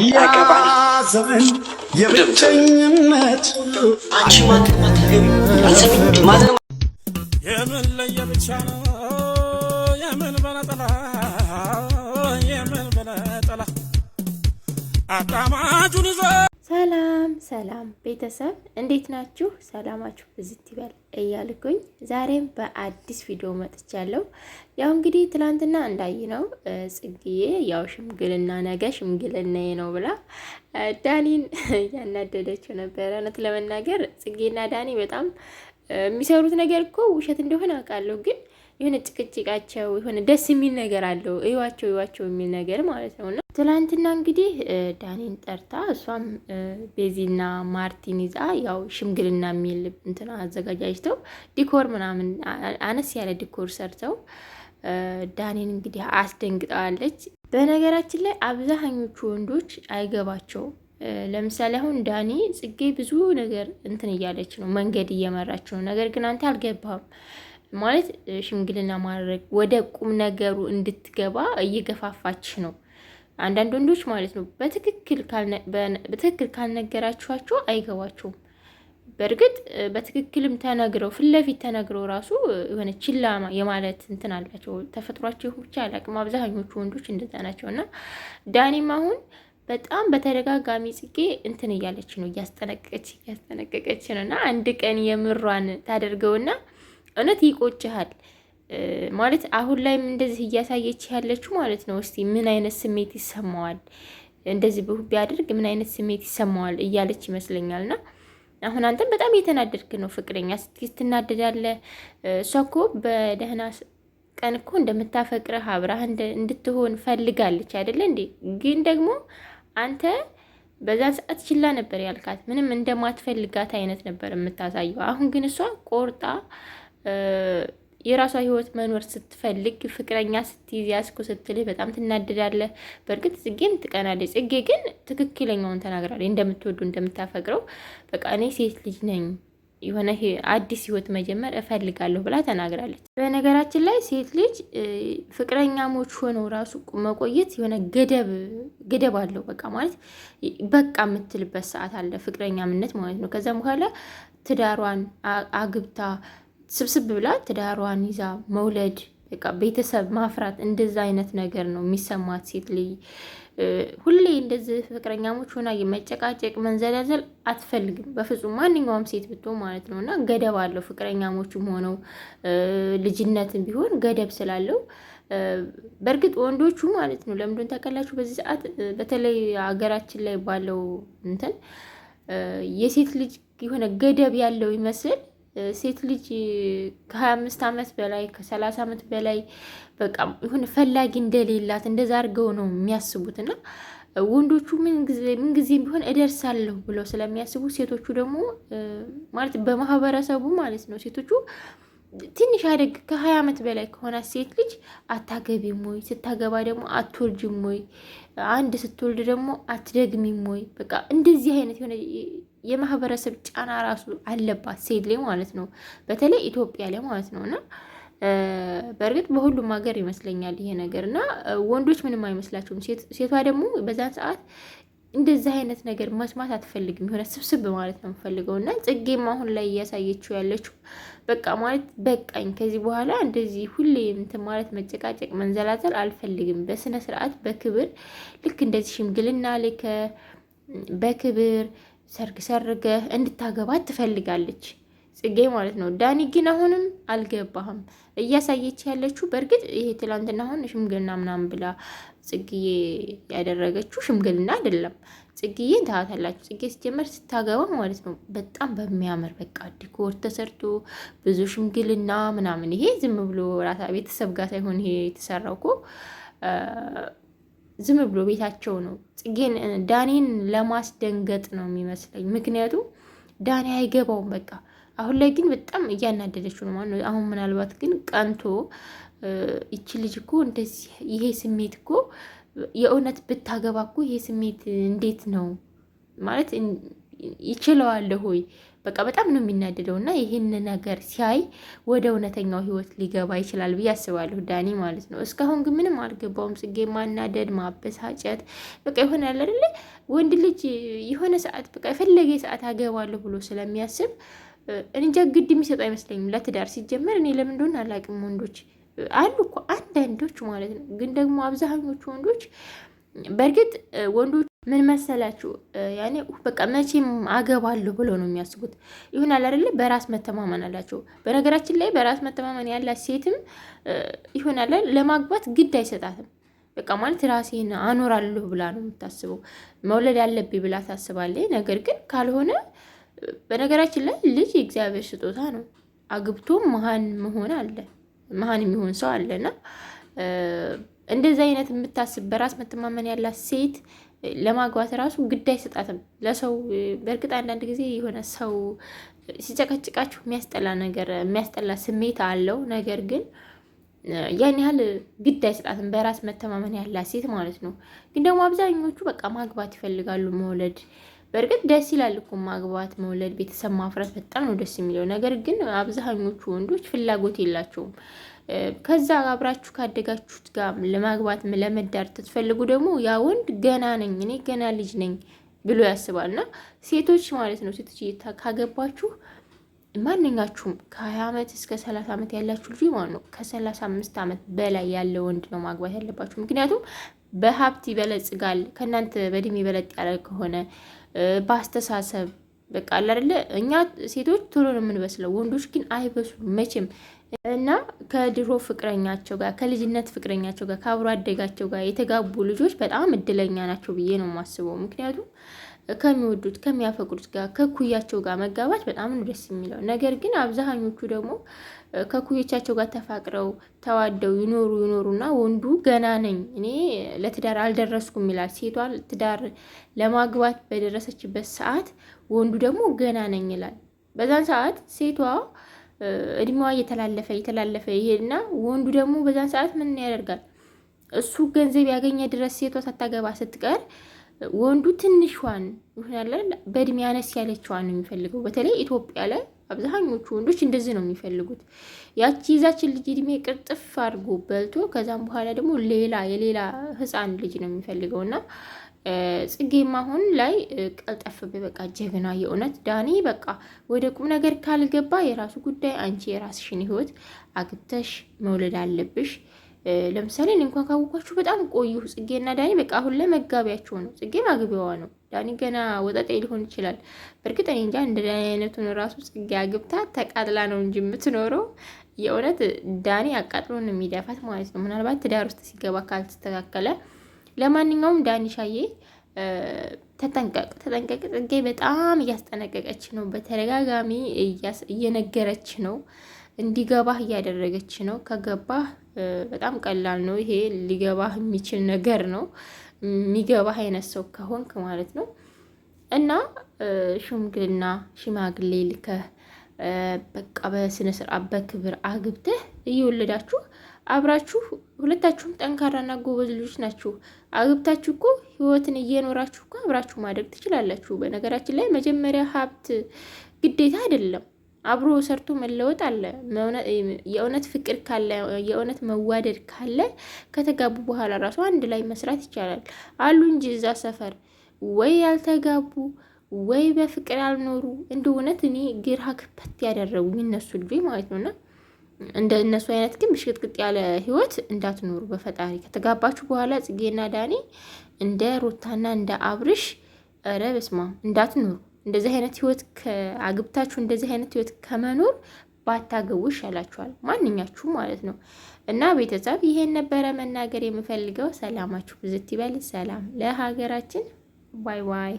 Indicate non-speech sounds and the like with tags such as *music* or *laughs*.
ያዘመን የብቸኝነት የምን ለየብቻ ነው የምን በነጠላ የምን በነጠላ አጣማጁን ይዘ ሰላም ሰላም ቤተሰብ እንዴት ናችሁ? ሰላማችሁ ብዝት ይበል እያልኩኝ ዛሬም በአዲስ ቪዲዮ መጥቻለሁ። ያው እንግዲህ ትላንትና ነው ጽጌዬ ያው ሽምግልና ነገ ሽምግልናዬ ነው ብላ ዳኒን *laughs* ያናደደችው ነበረ። እውነት ለመናገር ጽጌና ዳኒ በጣም የሚሰሩት ነገር እኮ ውሸት እንደሆነ አውቃለሁ ግን የሆነ ጭቅጭቃቸው የሆነ ደስ የሚል ነገር አለው። እዩዋቸው እዩዋቸው የሚል ነገር ማለት ነው። እና ትላንትና እንግዲህ ዳኒን ጠርታ እሷም ቤዚና ማርቲን ይዛ ያው ሽምግልና የሚል እንትን አዘጋጃጅተው ዲኮር ምናምን አነስ ያለ ዲኮር ሰርተው ዳኒን እንግዲህ አስደንግጠዋለች። በነገራችን ላይ አብዛኞቹ ወንዶች አይገባቸውም። ለምሳሌ አሁን ዳኒ ጽጌ ብዙ ነገር እንትን እያለች ነው፣ መንገድ እየመራች ነው። ነገር ግን አንተ አልገባም ማለት ሽምግልና ማድረግ ወደ ቁም ነገሩ እንድትገባ እየገፋፋች ነው። አንዳንድ ወንዶች ማለት ነው በትክክል ካልነገራችኋቸው አይገባቸውም። በእርግጥ በትክክልም ተነግረው ፊት ለፊት ተነግረው ራሱ የሆነ ችላ የማለት እንትን አላቸው ተፈጥሯቸው ብቻ አላቅም። አብዛኞቹ ወንዶች እንደዛ ናቸው። እና ዳኒም አሁን በጣም በተደጋጋሚ ጽጌ እንትን እያለች ነው፣ እያስጠነቀች እያስጠነቀቀች ነው። እና አንድ ቀን የምሯን ታደርገውና እውነት ይቆጭሃል ማለት አሁን ላይም እንደዚህ እያሳየች ያለችው ማለት ነው። እስቲ ምን አይነት ስሜት ይሰማዋል እንደዚህ ቢያደርግ ምን አይነት ስሜት ይሰማዋል እያለች ይመስለኛልና አሁን አንተም በጣም እየተናደድክ ነው። ፍቅረኛ ስትናደዳለህ። እሷ እኮ በደህና ቀን እኮ እንደምታፈቅረህ አብራህ እንድትሆን ፈልጋለች አይደለ እንዴ? ግን ደግሞ አንተ በዛን ሰዓት ችላ ነበር ያልካት። ምንም እንደማትፈልጋት አይነት ነበር የምታሳየው። አሁን ግን እሷ ቆርጣ የራሷ ህይወት መኖር ስትፈልግ ፍቅረኛ ስትይዝ ያስኩ ስትልህ በጣም ትናደዳለህ። በእርግጥ ጽጌም ትቀናለች። ጽጌ ግን ትክክለኛውን ተናግራለች። እንደምትወዱ እንደምታፈቅረው በቃ እኔ ሴት ልጅ ነኝ የሆነ አዲስ ህይወት መጀመር እፈልጋለሁ ብላ ተናግራለች። በነገራችን ላይ ሴት ልጅ ፍቅረኛሞች ሆነው ራሱ መቆየት የሆነ ገደብ ገደብ አለው። በቃ ማለት በቃ የምትልበት ሰዓት አለ፣ ፍቅረኛምነት ማለት ነው። ከዛም በኋላ ትዳሯን አግብታ ስብስብ ብላ ትዳሯን ይዛ መውለድ በቃ ቤተሰብ ማፍራት እንደዛ አይነት ነገር ነው የሚሰማት ሴት ልጅ። ሁሌ እንደዚህ ፍቅረኛሞች ሆና የመጨቃጨቅ መንዘላዘል አትፈልግም በፍጹም ማንኛውም ሴት ብትሆን ማለት ነው። እና ገደብ አለው ፍቅረኛሞችም ሆነው ልጅነትም ቢሆን ገደብ ስላለው በእርግጥ ወንዶቹ ማለት ነው ለምንድን ታውቃላችሁ፣ በዚህ ሰዓት በተለይ ሀገራችን ላይ ባለው እንትን የሴት ልጅ የሆነ ገደብ ያለው ይመስል ሴት ልጅ ከሀያ አምስት ዓመት በላይ ከሰላሳ ዓመት በላይ በቃ ይሁን ፈላጊ እንደሌላት እንደዛ አድርገው ነው እና ወንዶቹ ምንጊዜም ቢሆን እደርሳለሁ ብለው ስለሚያስቡ ሴቶቹ ደግሞ ማለት በማህበረሰቡ ማለት ነው ሴቶቹ ትንሽ አደግ ከሀያ ዓመት በላይ ከሆናት ሴት ልጅ አታገቢም ወይ? ስታገባ ደግሞ አትወልጅም ወይ? አንድ ስትወልድ ደግሞ አትደግሚም ወይ? በቃ እንደዚህ አይነት የሆነ የማህበረሰብ ጫና ራሱ አለባት ሴት ላይ ማለት ነው፣ በተለይ ኢትዮጵያ ላይ ማለት ነው። እና በእርግጥ በሁሉም ሀገር ይመስለኛል ይሄ ነገር እና ወንዶች ምንም አይመስላቸውም። ሴቷ ደግሞ በዛን ሰዓት እንደዚህ አይነት ነገር መስማት አትፈልግም። የሆነ ስብስብ ማለት ነው የምፈልገው እና ጽጌም አሁን ላይ እያሳየችው ያለችው በቃ ማለት በቃኝ፣ ከዚህ በኋላ እንደዚህ ሁሌ እንትን ማለት መጨቃጨቅ፣ መንዘላዘል አልፈልግም። በስነ ስርዓት በክብር ልክ እንደዚህ ሽምግልና ልከ በክብር ሰርግ ሰርገ እንድታገባ ትፈልጋለች። ጽጌ ማለት ነው። ዳኒ ግን አሁንም አልገባህም። እያሳየች ያለችው በእርግጥ ይሄ ትላንትና አሁን ሽምግልና ምናምን ብላ ጽግዬ ያደረገችው ሽምግልና አይደለም። ጽግዬ ታታላችሁ። ጽጌ ሲጀመር ስታገባ ማለት ነው በጣም በሚያምር በቃ ዲኮር ተሰርቶ ብዙ ሽምግልና ምናምን። ይሄ ዝም ብሎ ራሳ ቤተሰብ ጋር ሳይሆን ይሄ የተሰራው እኮ ዝም ብሎ ቤታቸው ነው። ጽጌን ዳኔን ለማስደንገጥ ነው የሚመስለኝ። ምክንያቱም ዳኔ አይገባውም በቃ አሁን ላይ ግን በጣም እያናደደችው ነው ማለት ነው። አሁን ምናልባት ግን ቀንቶ ይቺ ልጅ እኮ እንደዚህ ይሄ ስሜት እኮ የእውነት ብታገባ እኮ ይሄ ስሜት እንዴት ነው ማለት ይችለዋለሁ ሆይ በቃ በጣም ነው የሚናደደው እና ይህን ነገር ሲያይ ወደ እውነተኛው ህይወት ሊገባ ይችላል ብዬ አስባለሁ። ዳኒ ማለት ነው። እስካሁን ግን ምንም አልገባውም። ጽጌ ማናደድ፣ ማበሳጨት በቃ የሆነ ያለ አይደለ ወንድ ልጅ የሆነ ሰዓት በቃ የፈለገ ሰዓት አገባለሁ ብሎ ስለሚያስብ እንጃ ግድ የሚሰጡ አይመስለኝም ለትዳር ሲጀመር። እኔ ለምን እንደሆነ አላውቅም። ወንዶች አሉ እኮ አንዳንዶች ማለት ነው። ግን ደግሞ አብዛኞቹ ወንዶች በእርግጥ ወንዶች ምን መሰላችሁ ያኔ በቃ መቼም አገባለሁ ብሎ ነው የሚያስቡት። ይሆናል አይደለ? በራስ መተማመን አላቸው። በነገራችን ላይ በራስ መተማመን ያላት ሴትም ይሆናል ለማግባት ግድ አይሰጣትም። በቃ ማለት ራሴን አኖራለሁ ብላ ነው የምታስበው። መውለድ አለብኝ ብላ ታስባለች። ነገር ግን ካልሆነ በነገራችን ላይ ልጅ የእግዚአብሔር ስጦታ ነው። አግብቶ መሀን መሆን አለ መሀን የሚሆን ሰው አለና እንደዚህ አይነት የምታስብ በራስ መተማመን ያላት ሴት ለማግባት ራሱ ግድ አይሰጣትም ለሰው። በእርግጥ አንዳንድ ጊዜ የሆነ ሰው ሲጨቀጭቃችሁ የሚያስጠላ ነገር የሚያስጠላ ስሜት አለው። ነገር ግን ያን ያህል ግድ አይሰጣትም በራስ መተማመን ያላት ሴት ማለት ነው። ግን ደግሞ አብዛኞቹ በቃ ማግባት ይፈልጋሉ መውለድ በእርግጥ ደስ ይላል እኮ ማግባት፣ መውለድ፣ ቤተሰብ ማፍራት በጣም ነው ደስ የሚለው። ነገር ግን አብዛኞቹ ወንዶች ፍላጎት የላቸውም። ከዛ አብራችሁ ካደጋችሁት ጋር ለማግባት ለመዳር ትትፈልጉ ደግሞ ያ ወንድ ገና ነኝ እኔ ገና ልጅ ነኝ ብሎ ያስባል። እና ሴቶች ማለት ነው ሴቶች ካገባችሁ ማንኛችሁም ከሀያ ዓመት እስከ ሰላሳ ዓመት ያላችሁ ልጅ ማለት ነው ከሰላሳ አምስት ዓመት በላይ ያለ ወንድ ነው ማግባት ያለባችሁ። ምክንያቱም በሀብት ይበለጽጋል ከእናንተ በእድሜ በለጥ ያለ ከሆነ በአስተሳሰብ በቃ አላደለ እኛ ሴቶች ቶሎ ነው የምንበስለው፣ ወንዶች ግን አይበሱም መቼም እና ከድሮ ፍቅረኛቸው ጋር ከልጅነት ፍቅረኛቸው ጋር ከአብሮ አደጋቸው ጋር የተጋቡ ልጆች በጣም እድለኛ ናቸው ብዬ ነው የማስበው ምክንያቱም ከሚወዱት ከሚያፈቅዱት ጋር ከኩያቸው ጋር መጋባት በጣም ነው ደስ የሚለው። ነገር ግን አብዛኞቹ ደግሞ ከኩዮቻቸው ጋር ተፋቅረው ተዋደው ይኖሩ ይኖሩና ወንዱ ገና ነኝ እኔ ለትዳር አልደረስኩም ይላል። ሴቷ ትዳር ለማግባት በደረሰችበት ሰዓት ወንዱ ደግሞ ገና ነኝ ይላል። በዛን ሰዓት ሴቷ እድሜዋ እየተላለፈ እየተላለፈ ይሄድና ወንዱ ደግሞ በዛን ሰዓት ምን ያደርጋል? እሱ ገንዘብ ያገኘ ድረስ ሴቷ ሳታገባ ስትቀር ወንዱ ትንሿን ይሆናለን በእድሜ አነስ ያለችዋን ነው የሚፈልገው። በተለይ ኢትዮጵያ ላይ አብዛኞቹ ወንዶች እንደዚህ ነው የሚፈልጉት። ያቺ ይዛችን ልጅ እድሜ ቅርጥፍ አድርጎ በልቶ ከዛም በኋላ ደግሞ ሌላ የሌላ ህፃን ልጅ ነው የሚፈልገው እና ጽጌም አሁን ላይ ቀልጠፍ በቃ ጀግና የእውነት ዳኒ በቃ ወደ ቁም ነገር ካልገባ የራሱ ጉዳይ፣ አንቺ የራስሽን ህይወት አግብተሽ መውለድ አለብሽ። ለምሳሌ እኔ እንኳን ካወኳችሁ በጣም ቆዩ። ጽጌና ዳኒ በቃ አሁን ላይ ነው። ጽጌ ማግቢያዋ ነው። ዳኒ ገና ወጣጤ ሊሆን ይችላል። በእርግጥ እኔ እንጃ እንደ ዳኒ አይነቱን ራሱ ጽጌ አግብታ ተቃጥላ ነው እንጂ የምትኖረው። የእውነት ዳኒ አቃጥሎን የሚደፋት ማለት ነው። ምናልባት ትዳር ውስጥ ሲገባ ካልተስተካከለ። ለማንኛውም ዳኒ ሻዬ ተጠንቀቅ፣ ተጠንቀቅ። ጽጌ በጣም እያስጠነቀቀች ነው፣ በተደጋጋሚ እየነገረች ነው እንዲገባህ እያደረገች ነው። ከገባህ በጣም ቀላል ነው። ይሄ ሊገባህ የሚችል ነገር ነው፣ የሚገባህ አይነት ሰው ከሆንክ ማለት ነው። እና ሽምግልና ሽማግሌ ልከህ በቃ በስነ ስርዓት በክብር አግብተህ እየወለዳችሁ አብራችሁ ሁለታችሁም ጠንካራና ጎበዝ ልጆች ናችሁ። አግብታችሁ እኮ ህይወትን እየኖራችሁ እኮ አብራችሁ ማደግ ትችላላችሁ። በነገራችን ላይ መጀመሪያ ሀብት ግዴታ አይደለም። አብሮ ሰርቶ መለወጥ አለ። የእውነት ፍቅር ካለ የእውነት መዋደድ ካለ ከተጋቡ በኋላ ራሱ አንድ ላይ መስራት ይቻላል። አሉ እንጂ እዛ ሰፈር ወይ ያልተጋቡ ወይ በፍቅር ያልኖሩ እንደ እውነት እኔ ግራ ክፐት ያደረጉ እነሱ ልጆች ማለት ነውና እንደ እነሱ አይነት ግን ብሽቅጥቅጥ ያለ ህይወት እንዳትኖሩ በፈጣሪ ከተጋባችሁ በኋላ ጽጌና ዳኔ እንደ ሩታና እንደ አብርሽ ረ በስመ እንዳትኖሩ። እንደዚህ አይነት ህይወት አግብታችሁ እንደዚህ አይነት ህይወት ከመኖር ባታገቡ ይሻላችኋል፣ ማንኛችሁ ማለት ነው። እና ቤተሰብ ይሄን ነበረ መናገር የምፈልገው። ሰላማችሁ ብዝት ይበል። ሰላም ለሀገራችን። ባይ ባይ